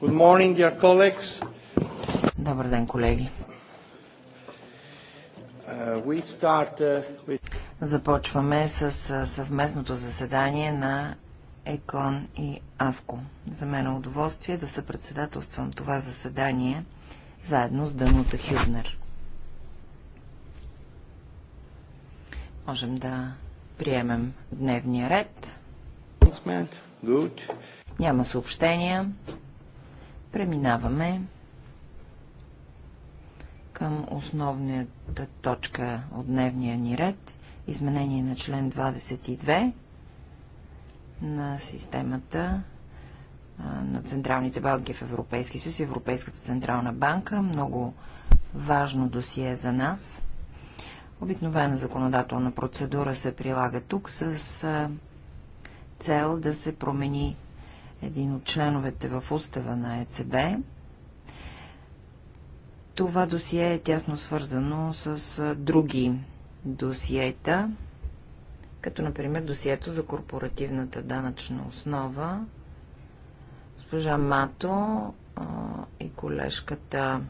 Good morning, dear colleagues. Добър ден, колеги. Uh, we start, uh, with... Започваме с uh, съвместното заседание на ЕКОН и АВКО. За мен е удоволствие да съпредседателствам това заседание заедно с Данута Хюбнер. Можем да приемем дневния ред. Good. Няма съобщения. Преминаваме към основната точка от дневния ни ред – изменение на член 22 на системата на централните банки в Европейски съюз и Европейската централна банка. Много важно досие за нас. Обикновена законодателна процедура се прилага тук с цел да се промени един от членовете в устава на ЕЦБ. Това досие е тясно свързано с други досиета, като например досието за корпоративната данъчна основа. Госпожа Мато и колежката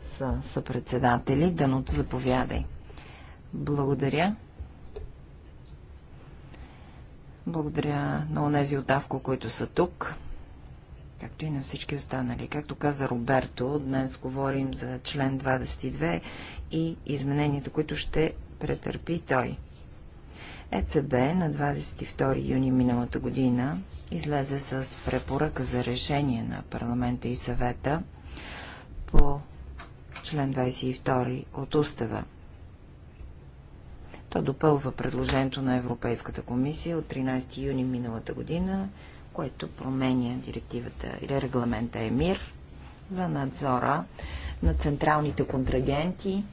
са, съпредседатели, председатели. заповядай. Благодаря. Благодаря на онези от Авко, които са тук, както и на всички останали. Както каза Роберто, днес говорим за член 22 и измененията, които ще претърпи той. ЕЦБ на 22 юни миналата година излезе с препоръка за решение на парламента и съвета по член 22 от устава – то допълва предложението на Европейската комисия от 13 юни миналата година, което променя директивата или регламента ЕМИР за надзора на централните контрагенти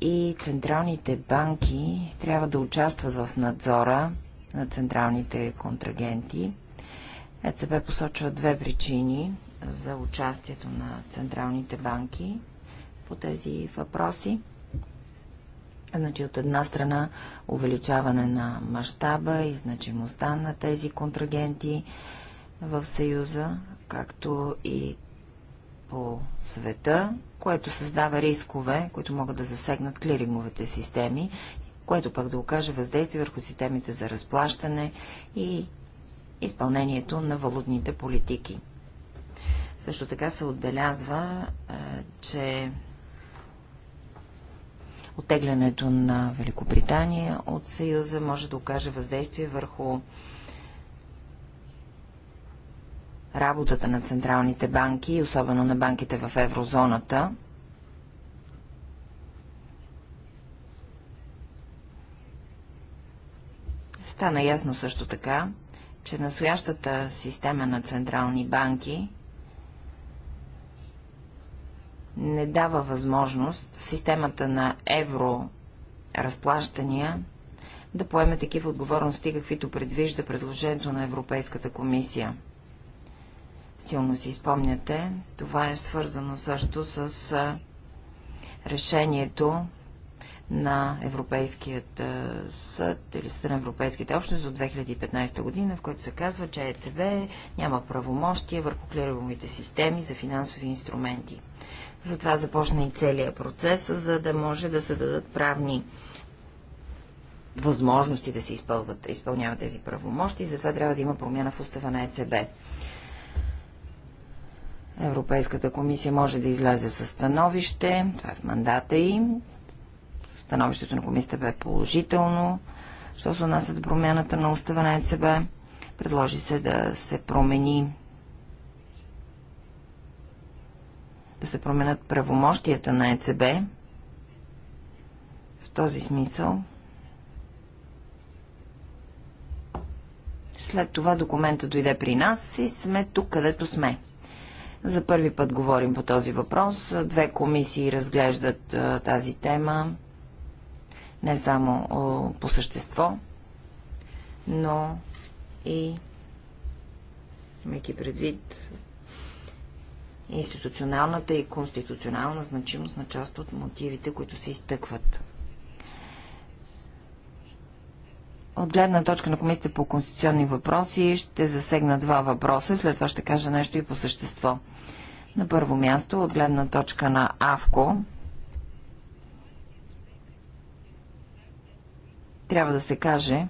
и централните банки трябва да участват в надзора на централните контрагенти. ЕЦБ посочва две причини за участието на централните банки по тези въпроси. Значи от една страна увеличаване на мащаба и значимостта на тези контрагенти в Съюза, както и по света, което създава рискове, които могат да засегнат клиринговите системи, което пък да окаже въздействие върху системите за разплащане и изпълнението на валутните политики. Също така се отбелязва, е, че Оттеглянето на Великобритания от Съюза може да окаже въздействие върху работата на централните банки, особено на банките в еврозоната. Стана ясно също така, че настоящата система на централни банки не дава възможност системата на евро разплащания да поеме такива отговорности, каквито предвижда предложението на Европейската комисия. Силно си спомняте, това е свързано също с решението на Европейският съд или съд на Европейските общности от 2015 година, в който се казва, че ЕЦВ няма правомощия върху клиринговите системи за финансови инструменти. Затова започна и целият процес, за да може да се дадат правни възможности да се изпълват, изпълняват тези правомощи. Затова трябва да има промяна в устава на ЕЦБ. Европейската комисия може да излезе със становище, това е в мандата им. Становището на комисията бе положително, що се отнася до промяната на устава на ЕЦБ. Предложи се да се промени да се променят правомощията на ЕЦБ. В този смисъл След това документа дойде при нас и сме тук, където сме. За първи път говорим по този въпрос. Две комисии разглеждат а, тази тема не само а, по същество, но и имайки предвид институционалната и конституционална значимост на част от мотивите, които се изтъкват. От гледна точка на Комисията по конституционни въпроси ще засегна два въпроса, след това ще кажа нещо и по същество. На първо място, от гледна точка на АВКО, трябва да се каже,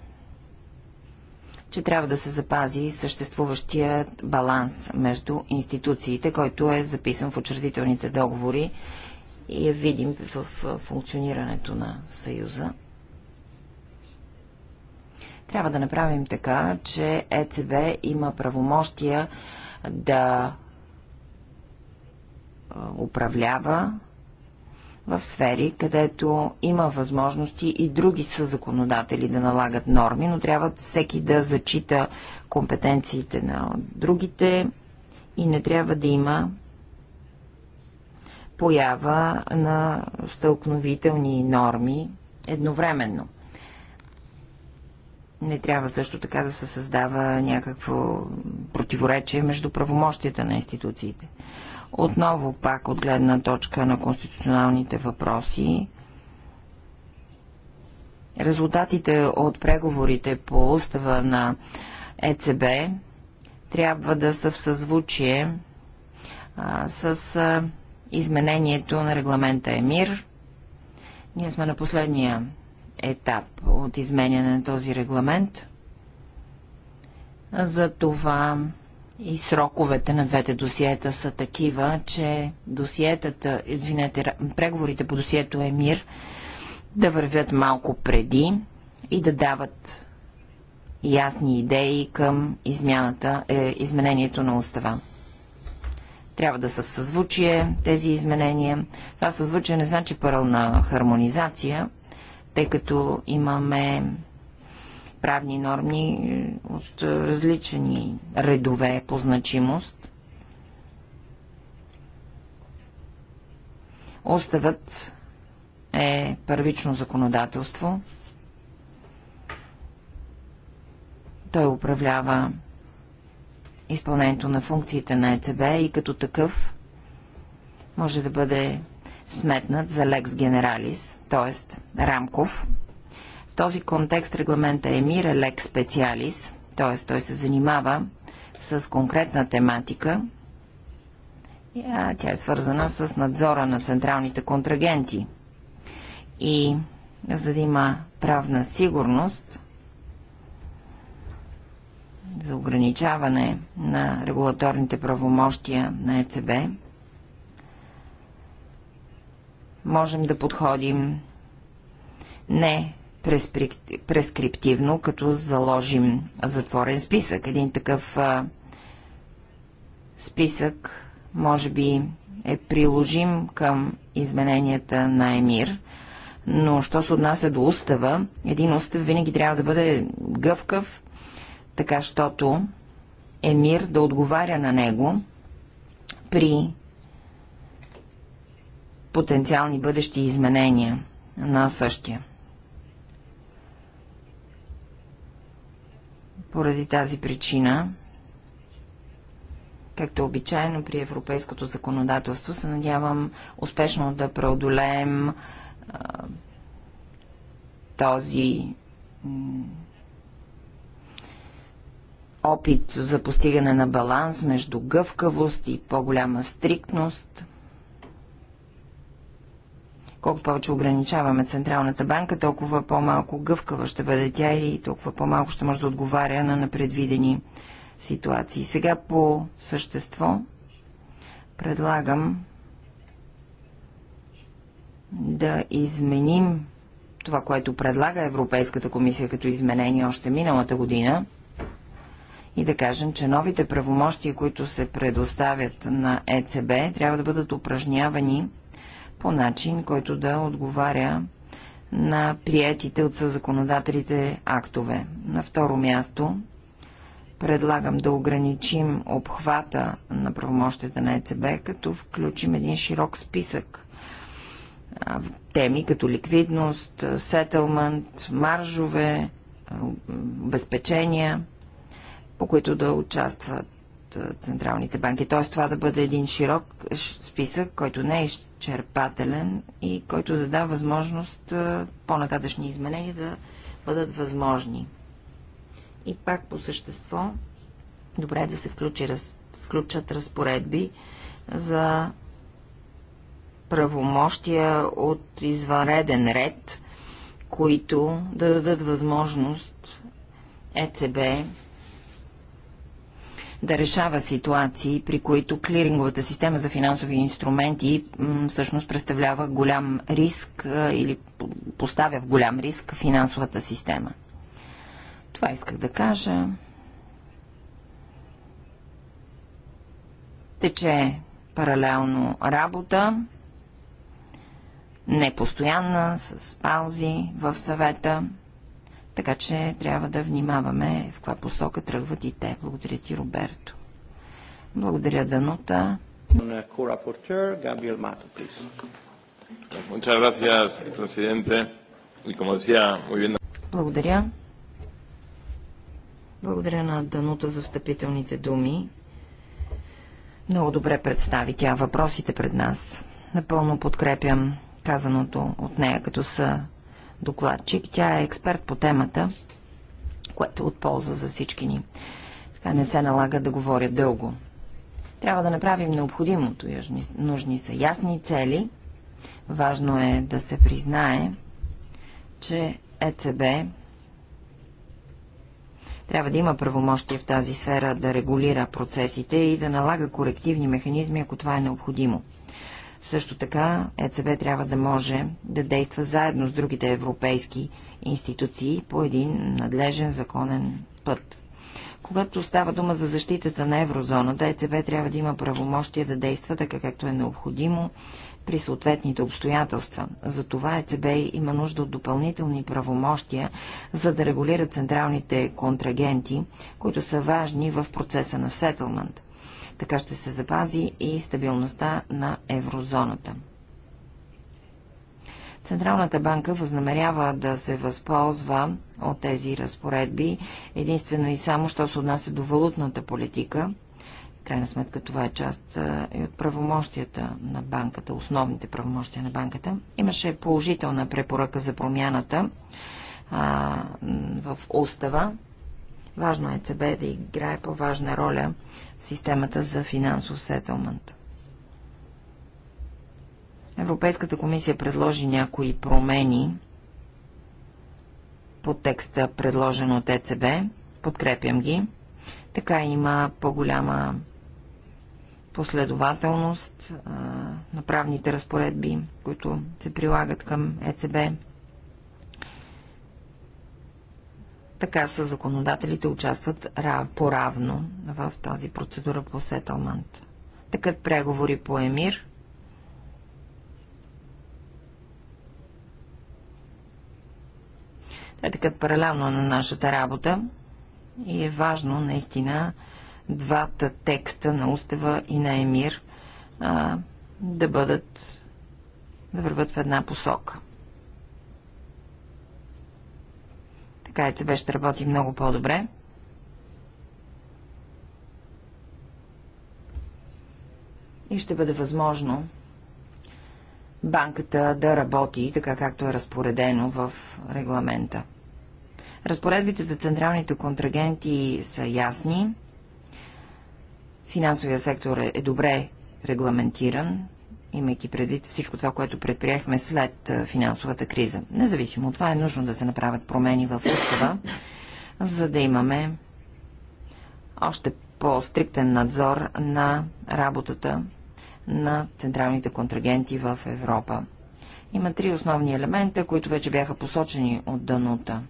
че трябва да се запази съществуващия баланс между институциите, който е записан в учредителните договори и е видим в функционирането на Съюза. Трябва да направим така, че ЕЦБ има правомощия да управлява в сфери, където има възможности и други са законодатели да налагат норми, но трябва всеки да зачита компетенциите на другите и не трябва да има поява на стълкновителни норми едновременно. Не трябва също така да се създава някакво противоречие между правомощията на институциите. Отново пак от гледна точка на конституционалните въпроси, резултатите от преговорите по устава на ЕЦБ трябва да са в съзвучие а, с а, изменението на регламента ЕМИР. Ние сме на последния етап от изменяне на този регламент. За това и сроковете на двете досиета са такива, че досиетата, извинете, преговорите по досието ЕМИР да вървят малко преди и да дават ясни идеи към измяната, е, изменението на устава. Трябва да са в съзвучие тези изменения. Това съзвучие не значи пърълна хармонизация, тъй като имаме правни норми от различни редове по значимост. Оставът е първично законодателство. Той управлява изпълнението на функциите на ЕЦБ и като такъв може да бъде сметнат за лекс генералис, т.е. рамков. В този контекст регламента ЕМИР е лекс специалис, т.е. той се занимава с конкретна тематика. Тя е свързана с надзора на централните контрагенти. И за да има правна сигурност за ограничаване на регулаторните правомощия на ЕЦБ, можем да подходим не прескриптивно, като заложим затворен списък. Един такъв списък може би е приложим към измененията на Емир, но що се отнася до устава, един устав винаги трябва да бъде гъвкав, така щото Емир да отговаря на него при потенциални бъдещи изменения на същия. Поради тази причина, както обичайно при европейското законодателство, се надявам успешно да преодолеем този опит за постигане на баланс между гъвкавост и по-голяма стриктност – колко повече ограничаваме Централната банка, толкова по-малко гъвкава ще бъде тя и толкова по-малко ще може да отговаря на непредвидени ситуации. Сега по същество предлагам да изменим това, което предлага Европейската комисия като изменение още миналата година и да кажем, че новите правомощия, които се предоставят на ЕЦБ, трябва да бъдат упражнявани по начин, който да отговаря на приятите от съзаконодателите актове. На второ място предлагам да ограничим обхвата на правомощите на ЕЦБ, като включим един широк списък теми като ликвидност, сетълмент, маржове, обезпечения, по които да участват централните банки. Т.е. това да бъде един широк списък, който не е изчерпателен и който да дава възможност по-нататъчни изменения да бъдат възможни. И пак по същество, добре е да се включи, раз, включат разпоредби за правомощия от извънреден ред, които да дадат възможност ЕЦБ да решава ситуации, при които клиринговата система за финансови инструменти всъщност представлява голям риск или поставя в голям риск финансовата система. Това исках да кажа. Тече паралелно работа, непостоянна, с паузи в съвета. Така че трябва да внимаваме в каква посока тръгват и те. Благодаря ти, Роберто. Благодаря, Данута. Благодаря. Благодаря на Данута за встъпителните думи. Много добре представи тя въпросите пред нас. Напълно подкрепям казаното от нея, като са докладчик. Тя е експерт по темата, което е от полза за всички ни. Така не се налага да говоря дълго. Трябва да направим необходимото. Нужни са ясни цели. Важно е да се признае, че ЕЦБ трябва да има правомощие в тази сфера да регулира процесите и да налага корективни механизми, ако това е необходимо. Също така ЕЦБ трябва да може да действа заедно с другите европейски институции по един надлежен законен път. Когато става дума за защитата на еврозоната, ЕЦБ трябва да има правомощие да действа така както е необходимо при съответните обстоятелства. Затова ЕЦБ има нужда от допълнителни правомощия, за да регулира централните контрагенти, които са важни в процеса на сетълмент. Така ще се запази и стабилността на еврозоната. Централната банка възнамерява да се възползва от тези разпоредби единствено и само, що се отнася до валутната политика. Крайна сметка това е част и от правомощията на банката, основните правомощия на банката. Имаше положителна препоръка за промяната а, в устава, Важно е ЦБ да играе по-важна роля в системата за финансов сетълмент. Европейската комисия предложи някои промени по текста, предложен от ЕЦБ. Подкрепям ги. Така има по-голяма последователност а, на правните разпоредби, които се прилагат към ЕЦБ. Така са законодателите участват по-равно в тази процедура по сетълмент. Такът преговори по ЕМИР. Те такът паралелно на нашата работа и е важно наистина двата текста на Устава и на Емир а, да бъдат да върват в една посока. така ЕЦБ ще работи много по-добре. И ще бъде възможно банката да работи така, както е разпоредено в регламента. Разпоредбите за централните контрагенти са ясни. Финансовия сектор е добре регламентиран имайки предвид всичко това, което предприехме след финансовата криза. Независимо от това е нужно да се направят промени в устава, за да имаме още по-стриктен надзор на работата на централните контрагенти в Европа. Има три основни елемента, които вече бяха посочени от Данута.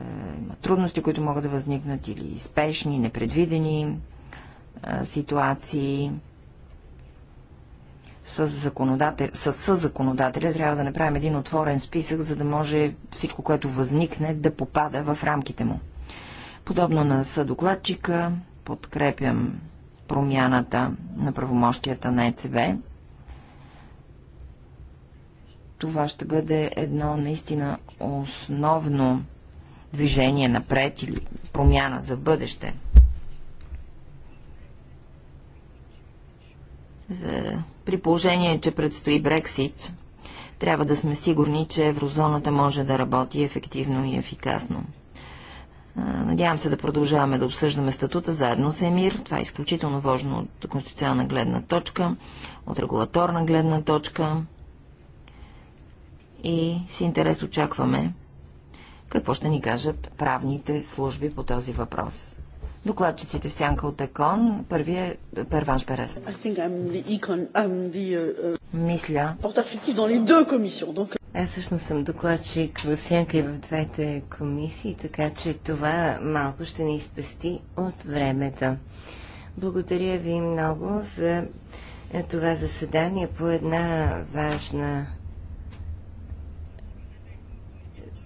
Е, има трудности, които могат да възникнат или спешни, непредвидени ситуации, с, съзаконодателя законодателя трябва да направим един отворен списък, за да може всичко, което възникне, да попада в рамките му. Подобно на съдокладчика, подкрепям промяната на правомощията на ЕЦБ. Това ще бъде едно наистина основно движение напред или промяна за бъдеще. За при положение, че предстои Брексит, трябва да сме сигурни, че еврозоната може да работи ефективно и ефикасно. Надявам се да продължаваме да обсъждаме статута заедно с Емир. Това е изключително важно от конституционна гледна точка, от регулаторна гледна точка. И с интерес очакваме какво ще ни кажат правните служби по този въпрос. Докладчиците в сянка от Екон. Първият е Перванш Берест. Uh, uh, Мисля. Uh, Аз всъщност съм докладчик в сянка и в двете комисии, така че това малко ще ни спести от времето. Благодаря ви много за това заседание по една важна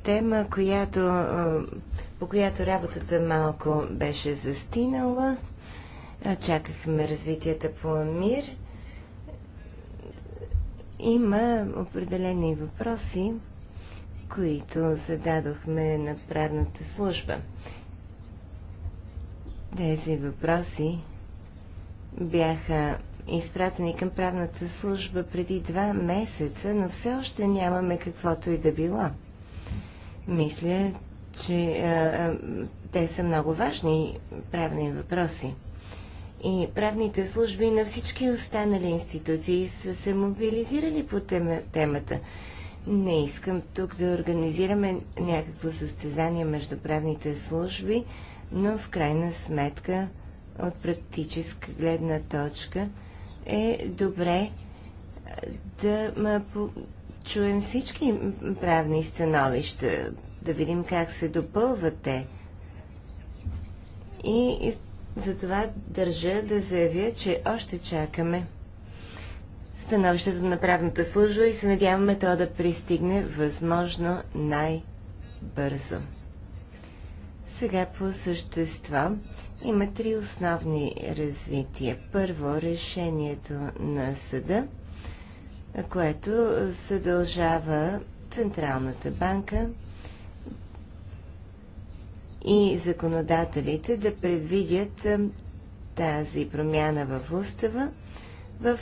тема, която, по която работата малко беше застинала. Чакахме развитията по Амир. Има определени въпроси, които зададохме на правната служба. Тези въпроси бяха изпратени към правната служба преди два месеца, но все още нямаме каквото и да било. Мисля, че а, е, а, е, те са много важни правни въпроси. И правните служби на всички останали институции са се мобилизирали по тема, темата. Не искам тук да организираме някакво състезание между правните служби, но в крайна сметка от практическа гледна точка е добре да чуем всички правни становища, да видим как се допълват те. И за това държа да заявя, че още чакаме становището на правната служба и се надяваме то да пристигне възможно най-бързо. Сега по същество има три основни развития. Първо, решението на съда – което съдължава Централната банка и законодателите да предвидят тази промяна в устава в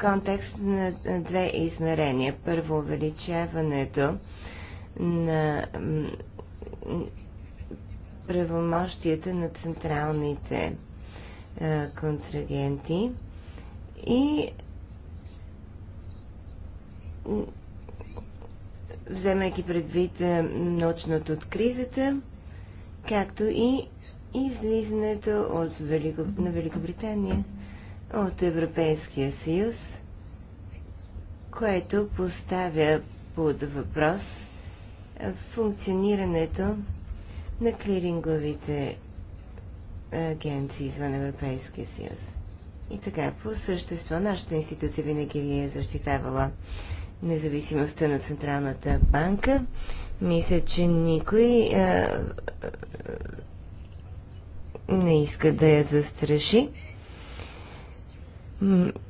контекст на две измерения. Първо, увеличаването на правомощията на централните контрагенти и вземайки предвид е, научното от кризата, както и излизането от Велико... на Великобритания от Европейския съюз, което поставя под въпрос функционирането на клиринговите агенции извън Европейския съюз. И така, по същество, нашата институция винаги ви е защитавала независимостта на Централната банка. Мисля, че никой а, не иска да я застраши.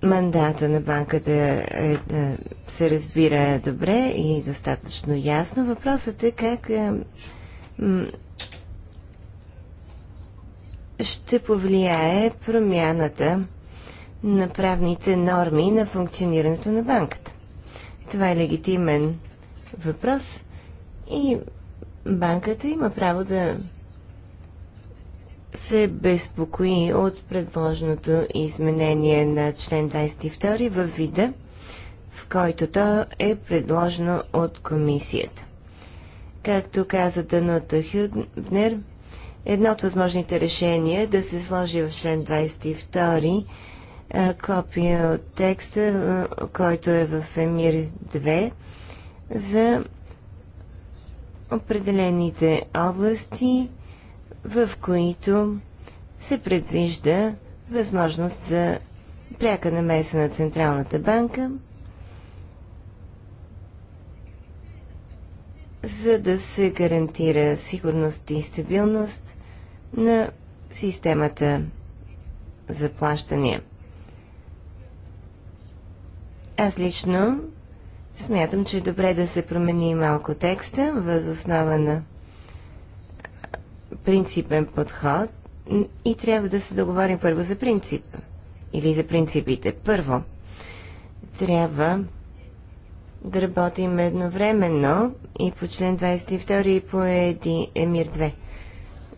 Мандата на банката е, е, се разбира добре и достатъчно ясно. Въпросът е как е, ще повлияе промяната на правните норми на функционирането на банката. Това е легитимен въпрос и банката има право да се безпокои от предложеното изменение на член 22 във вида, в който то е предложено от комисията. Както каза Данута Хюднер, едно от възможните решения е да се сложи в член 22 е, копия от текста, е, който е в Емир 2, за определените области, в които се предвижда възможност за пряка намеса на Централната банка, за да се гарантира сигурност и стабилност на системата за плащания. Аз лично смятам, че е добре да се промени малко текста въз основа на принципен подход и трябва да се договорим първо за принципа или за принципите. Първо, трябва да работим едновременно и по член 22 и по Еди Емир 2.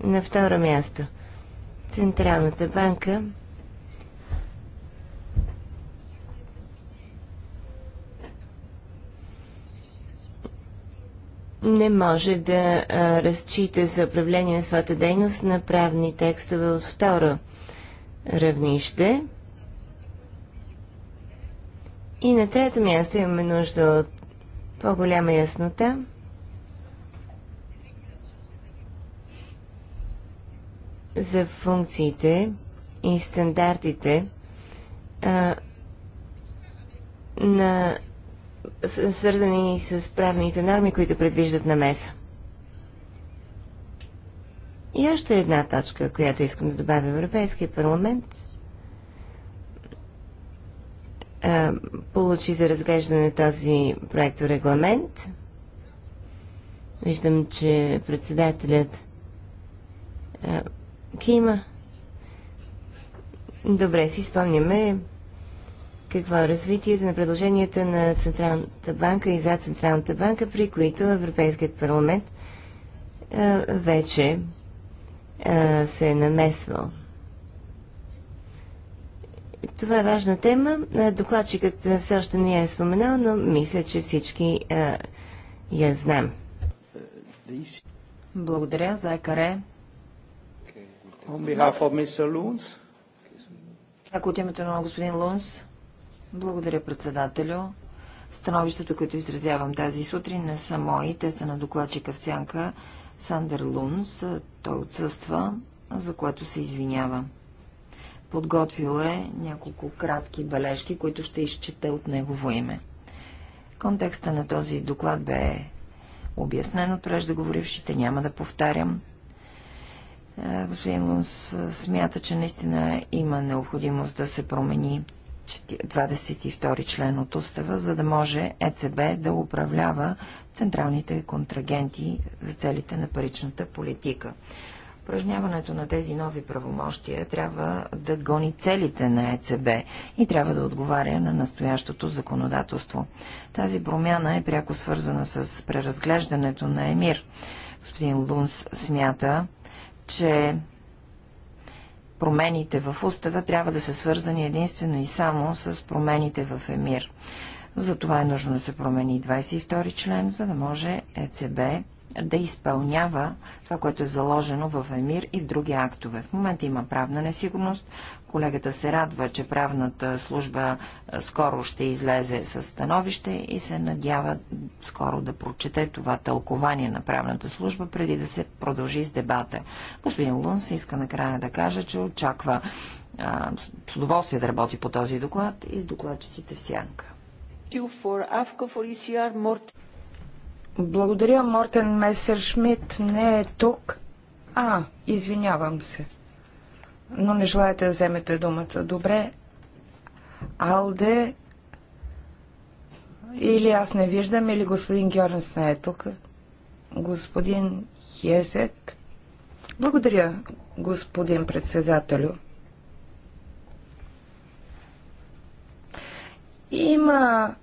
На второ място, Централната банка не може да а, разчита за управление на своята дейност на правни текстове от второ равнище. И на трето място имаме нужда от по-голяма яснота. за функциите и стандартите а, на свързани с правните норми, които предвиждат намеса. И още една точка, която искам да добавя. Европейския парламент получи за разглеждане този проект регламент. Виждам, че председателят Кима. Добре, си спомняме какво е развитието на предложенията на Централната банка и за Централната банка, при които Европейският парламент вече се е намесвал. Това е важна тема. Докладчикът все още не я е споменал, но мисля, че всички я знам. Благодаря за екаре. Как от името на господин Лунс? Благодаря, председателю. Становищата, които изразявам тази сутрин, не са мои. Те са на докладчика в сянка Сандър Лунс. Той отсъства, за което се извинява. Подготвил е няколко кратки бележки, които ще изчете от негово име. Контекста на този доклад бе обяснен от преждеговорившите, няма да повтарям. Е, господин Лунс смята, че наистина има необходимост да се промени 22 член от устава, за да може ЕЦБ да управлява централните контрагенти за целите на паричната политика. Упражняването на тези нови правомощия трябва да гони целите на ЕЦБ и трябва да отговаря на настоящото законодателство. Тази промяна е пряко свързана с преразглеждането на ЕМИР. Господин Лунс смята, че промените в устава трябва да са свързани единствено и само с промените в ЕМИР. Затова е нужно да се промени 22 член, за да може ЕЦБ да изпълнява това, което е заложено в ЕМИР и в други актове. В момента има правна несигурност, Колегата се радва, че правната служба скоро ще излезе с становище и се надява скоро да прочете това тълкование на правната служба, преди да се продължи с дебата. Господин Лунс иска накрая да каже, че очаква а, с удоволствие да работи по този доклад и с докладчиците в сянка. Благодаря, Мортен Месершмит не е тук. А, извинявам се но не желаете да вземете думата. Добре. Алде или аз не виждам, или господин Георгенс не е тук. Господин Хезек. Благодаря, господин председателю. Има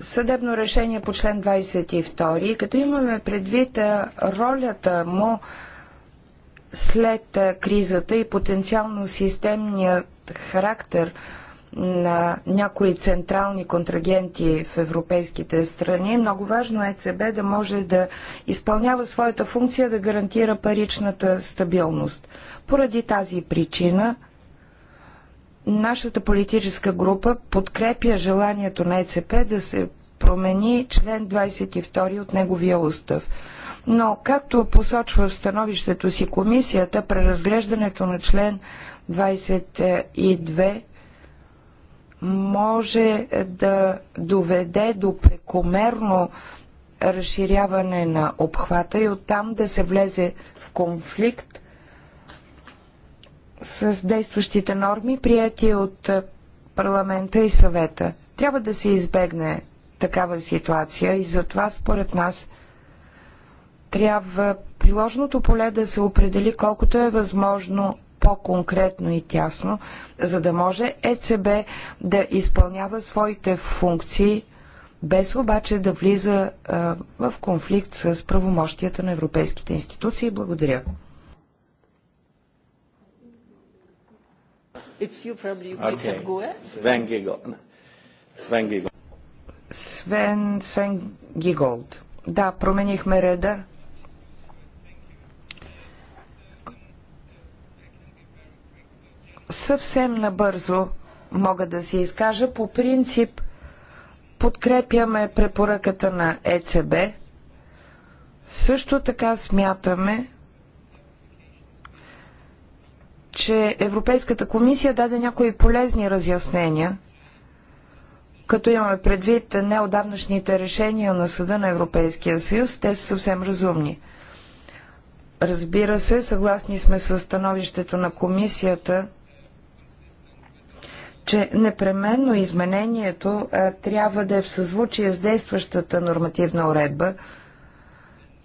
съдебно решение по член 22, като имаме предвид ролята му след кризата и потенциално системният характер на някои централни контрагенти в европейските страни, много важно е ЦБ да може да изпълнява своята функция да гарантира паричната стабилност. Поради тази причина нашата политическа група подкрепя желанието на ЕЦП да се промени член 22 от неговия устав. Но, както посочва в становището си комисията, преразглеждането на член 22 може да доведе до прекомерно разширяване на обхвата и оттам да се влезе в конфликт с действащите норми, прияти от парламента и съвета. Трябва да се избегне такава ситуация и затова според нас трябва приложното поле да се определи колкото е възможно по-конкретно и тясно, за да може ЕЦБ да изпълнява своите функции, без обаче да влиза а, в конфликт с правомощията на европейските институции. Благодаря. Свен, Свен Гиголд. Да, променихме реда. Съвсем набързо мога да се изкажа. По принцип подкрепяме препоръката на ЕЦБ. Също така смятаме, че Европейската комисия даде някои полезни разяснения, като имаме предвид неодавнашните решения на Съда на Европейския съюз, те са съвсем разумни. Разбира се, съгласни сме с становището на комисията, че непременно изменението а, трябва да е в съзвучие с действащата нормативна уредба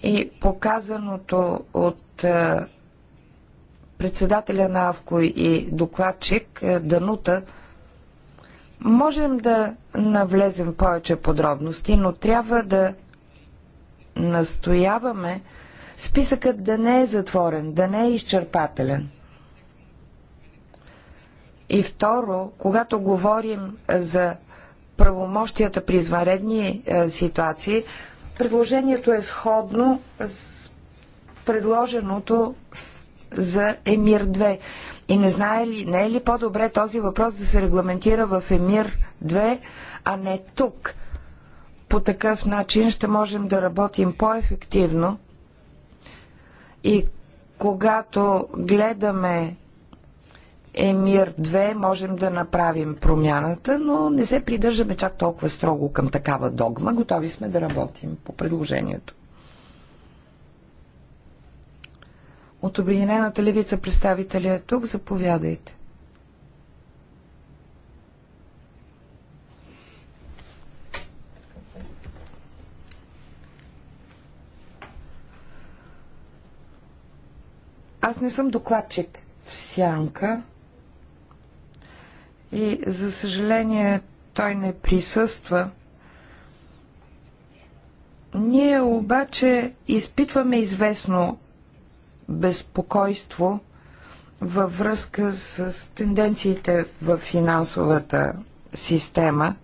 и показаното от а, председателя на АВКО и докладчик а, Данута. Можем да навлезем в повече подробности, но трябва да настояваме списъкът да не е затворен, да не е изчерпателен – и второ, когато говорим за правомощията при е, ситуации, предложението е сходно с предложеното за Емир 2. И не знае ли, не е ли по-добре този въпрос да се регламентира в Емир 2, а не тук? По такъв начин ще можем да работим по-ефективно и когато гледаме Емир 2 можем да направим промяната, но не се придържаме чак толкова строго към такава догма. Готови сме да работим по предложението. От Обединената левица представителя е тук. Заповядайте. Аз не съм докладчик в сянка и за съжаление той не присъства. Ние обаче изпитваме известно безпокойство във връзка с тенденциите в финансовата система.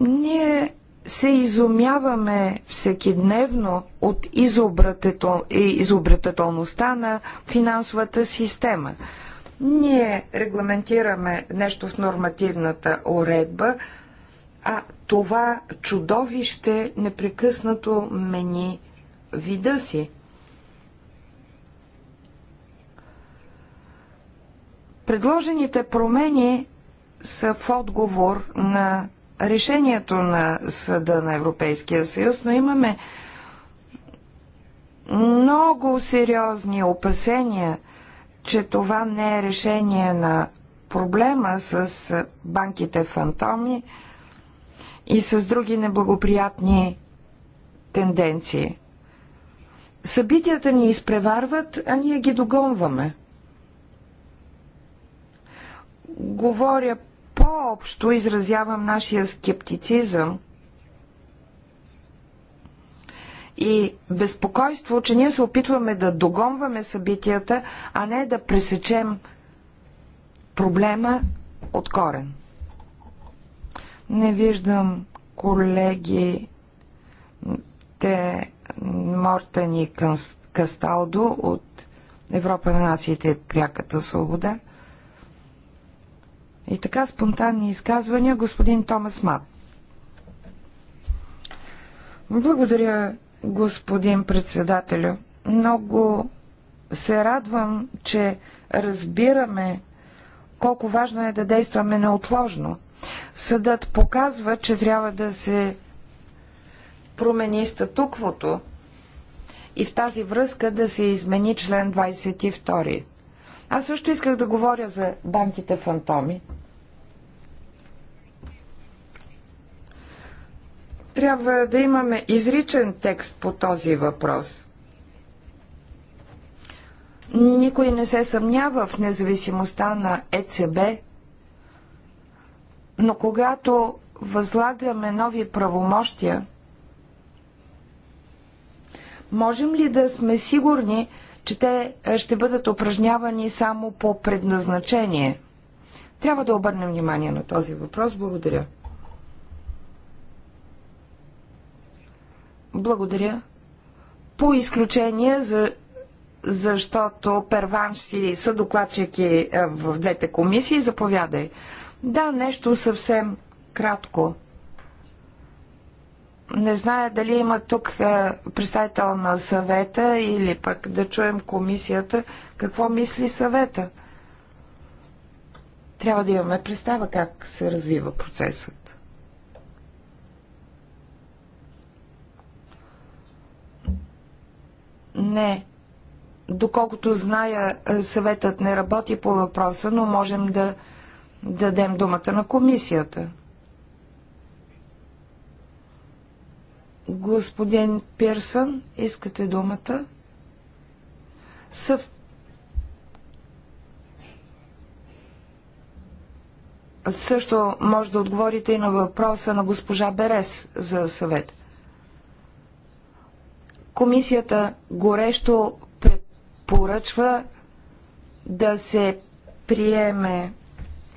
Ние се изумяваме всекидневно от изобретател... изобретателността на финансовата система. Ние регламентираме нещо в нормативната уредба, а това чудовище непрекъснато мени вида си. Предложените промени са в отговор на решението на Съда на Европейския съюз, но имаме много сериозни опасения, че това не е решение на проблема с банките фантоми и с други неблагоприятни тенденции. Събитията ни изпреварват, а ние ги догонваме. Говоря по-общо изразявам нашия скептицизъм и безпокойство, че ние се опитваме да догонваме събитията, а не да пресечем проблема от корен. Не виждам колеги те Мортани Касталдо от Европа на нациите пряката свобода. И така, спонтанни изказвания, господин Томас Мат. Благодаря, господин председателю. Много се радвам, че разбираме колко важно е да действаме неотложно. Съдът показва, че трябва да се промени статуквото и в тази връзка да се измени член 22. Аз също исках да говоря за банките фантоми. трябва да имаме изричен текст по този въпрос. Никой не се съмнява в независимостта на ЕЦБ, но когато възлагаме нови правомощия, можем ли да сме сигурни, че те е, ще бъдат упражнявани само по предназначение? Трябва да обърнем внимание на този въпрос. Благодаря. Благодаря. По изключение, за, защото Перван си са докладчики е, в двете комисии, заповядай. Да, нещо съвсем кратко. Не зная дали има тук е, представител на съвета или пък да чуем комисията какво мисли съвета. Трябва да имаме представа как се развива процесът. Не. Доколкото зная, съветът не работи по въпроса, но можем да дадем думата на комисията. Господин Пирсън, искате думата? Съв... Също може да отговорите и на въпроса на госпожа Берес за съвет. Комисията горещо препоръчва да се приеме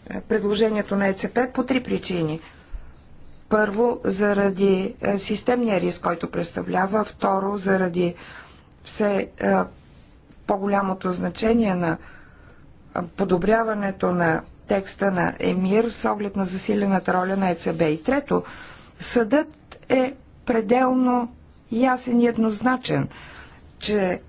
е, предложението на ЕЦП по три причини. Първо, заради е, системния риск, който представлява. Второ, заради все е, по-голямото значение на подобряването на текста на Емир с оглед на засилената роля на ЕЦБ. И трето, съдът е пределно ясен и еднозначен, че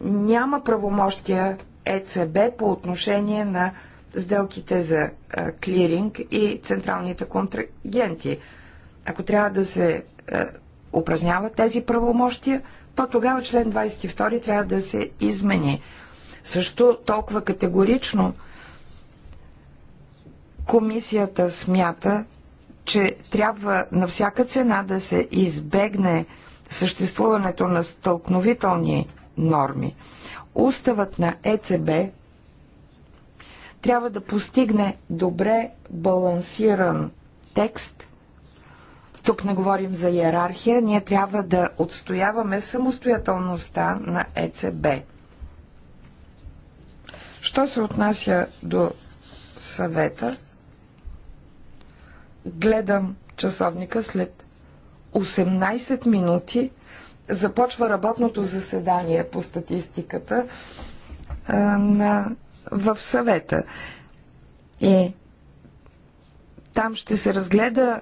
няма правомощия ЕЦБ по отношение на сделките за е, клиринг и централните контрагенти. Ако трябва да се е, упражняват тези правомощия, то тогава член 22 трябва да се измени. Също толкова категорично комисията смята, че трябва на всяка цена да се избегне съществуването на стълкновителни норми. Уставът на ЕЦБ трябва да постигне добре балансиран текст. Тук не говорим за иерархия, ние трябва да отстояваме самостоятелността на ЕЦБ. Що се отнася до съвета, гледам часовника след 18 минути започва работното заседание по статистиката а, на, в съвета. И там ще се разгледа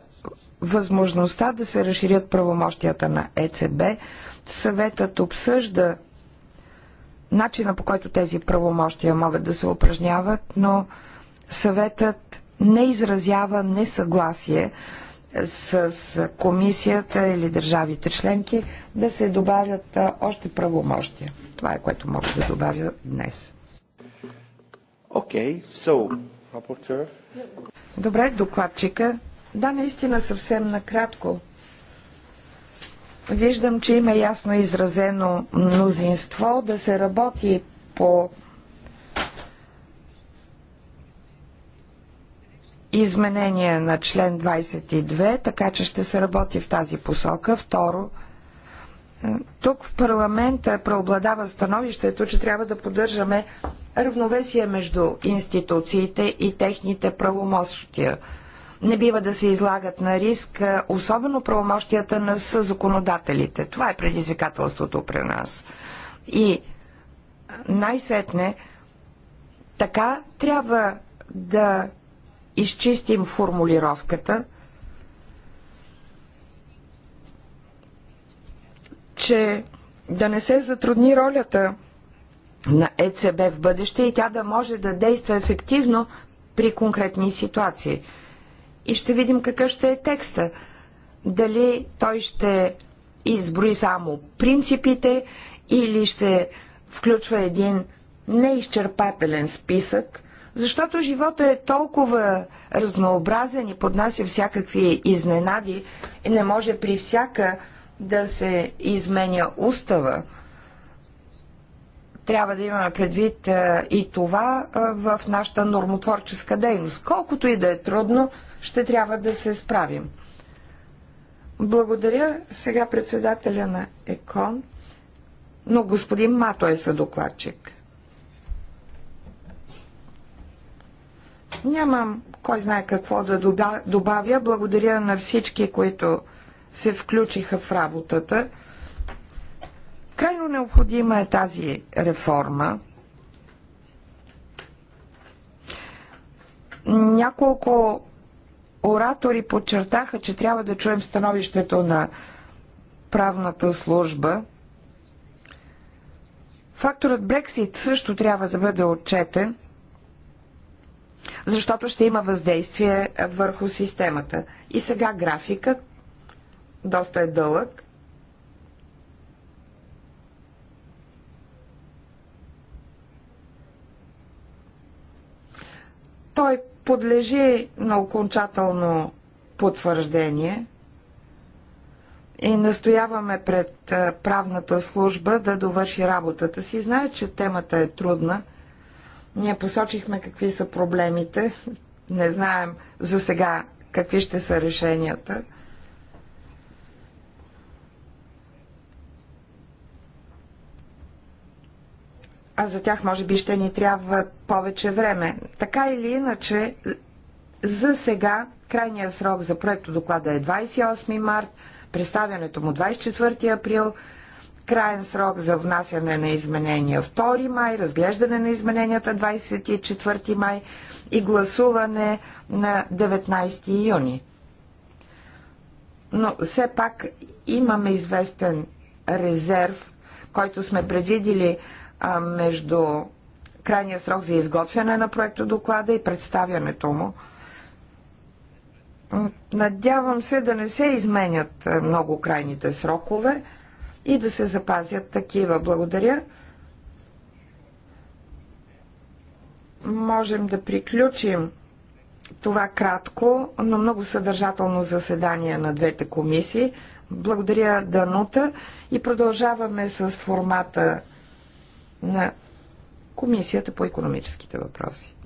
възможността да се разширят правомощията на ЕЦБ. Съветът обсъжда начина по който тези правомощия могат да се упражняват, но съветът не изразява несъгласие с комисията или държавите членки да се добавят още правомощия. Това е което мога да добавя днес. Okay, so, rapporteur. Добре, докладчика. Да, наистина съвсем накратко. Виждам, че има ясно изразено мнозинство да се работи по изменение на член 22, така че ще се работи в тази посока. Второ, е, тук в парламента преобладава становището, че трябва да поддържаме равновесие между институциите и техните правомощия. Не бива да се излагат на риск, е, особено правомощията на съзаконодателите. Това е предизвикателството при нас. И най-сетне така трябва да изчистим формулировката, че да не се затрудни ролята на ЕЦБ в бъдеще и тя да може да действа ефективно при конкретни ситуации. И ще видим какъв ще е текста. Дали той ще изброи само принципите или ще включва един неизчерпателен списък защото живота е толкова разнообразен и поднася всякакви изненади и не може при всяка да се изменя устава. Трябва да имаме предвид и това в нашата нормотворческа дейност. Колкото и да е трудно, ще трябва да се справим. Благодаря сега председателя на ЕКОН, но господин Мато е съдокладчик. Нямам кой знае какво да добавя. Благодаря на всички, които се включиха в работата. Крайно необходима е тази реформа. Няколко оратори подчертаха, че трябва да чуем становището на правната служба. Факторът Брексит също трябва да бъде отчетен – защото ще има въздействие върху системата. И сега графикът доста е дълъг. Той подлежи на окончателно потвърждение и настояваме пред правната служба да довърши работата си. Знае, че темата е трудна – ние посочихме какви са проблемите. Не знаем за сега какви ще са решенията. а за тях може би ще ни трябва повече време. Така или иначе, за сега крайният срок за проекто доклада е 28 март, представянето му 24 април, Крайен срок за внасяне на изменения 2 май, разглеждане на измененията 24 май и гласуване на 19 юни. Но все пак имаме известен резерв, който сме предвидили а, между крайния срок за изготвяне на проекта доклада и представянето му. Надявам се да не се изменят много крайните срокове и да се запазят такива. Благодаря. Можем да приключим това кратко, но много съдържателно заседание на двете комисии. Благодаря Данута и продължаваме с формата на Комисията по економическите въпроси.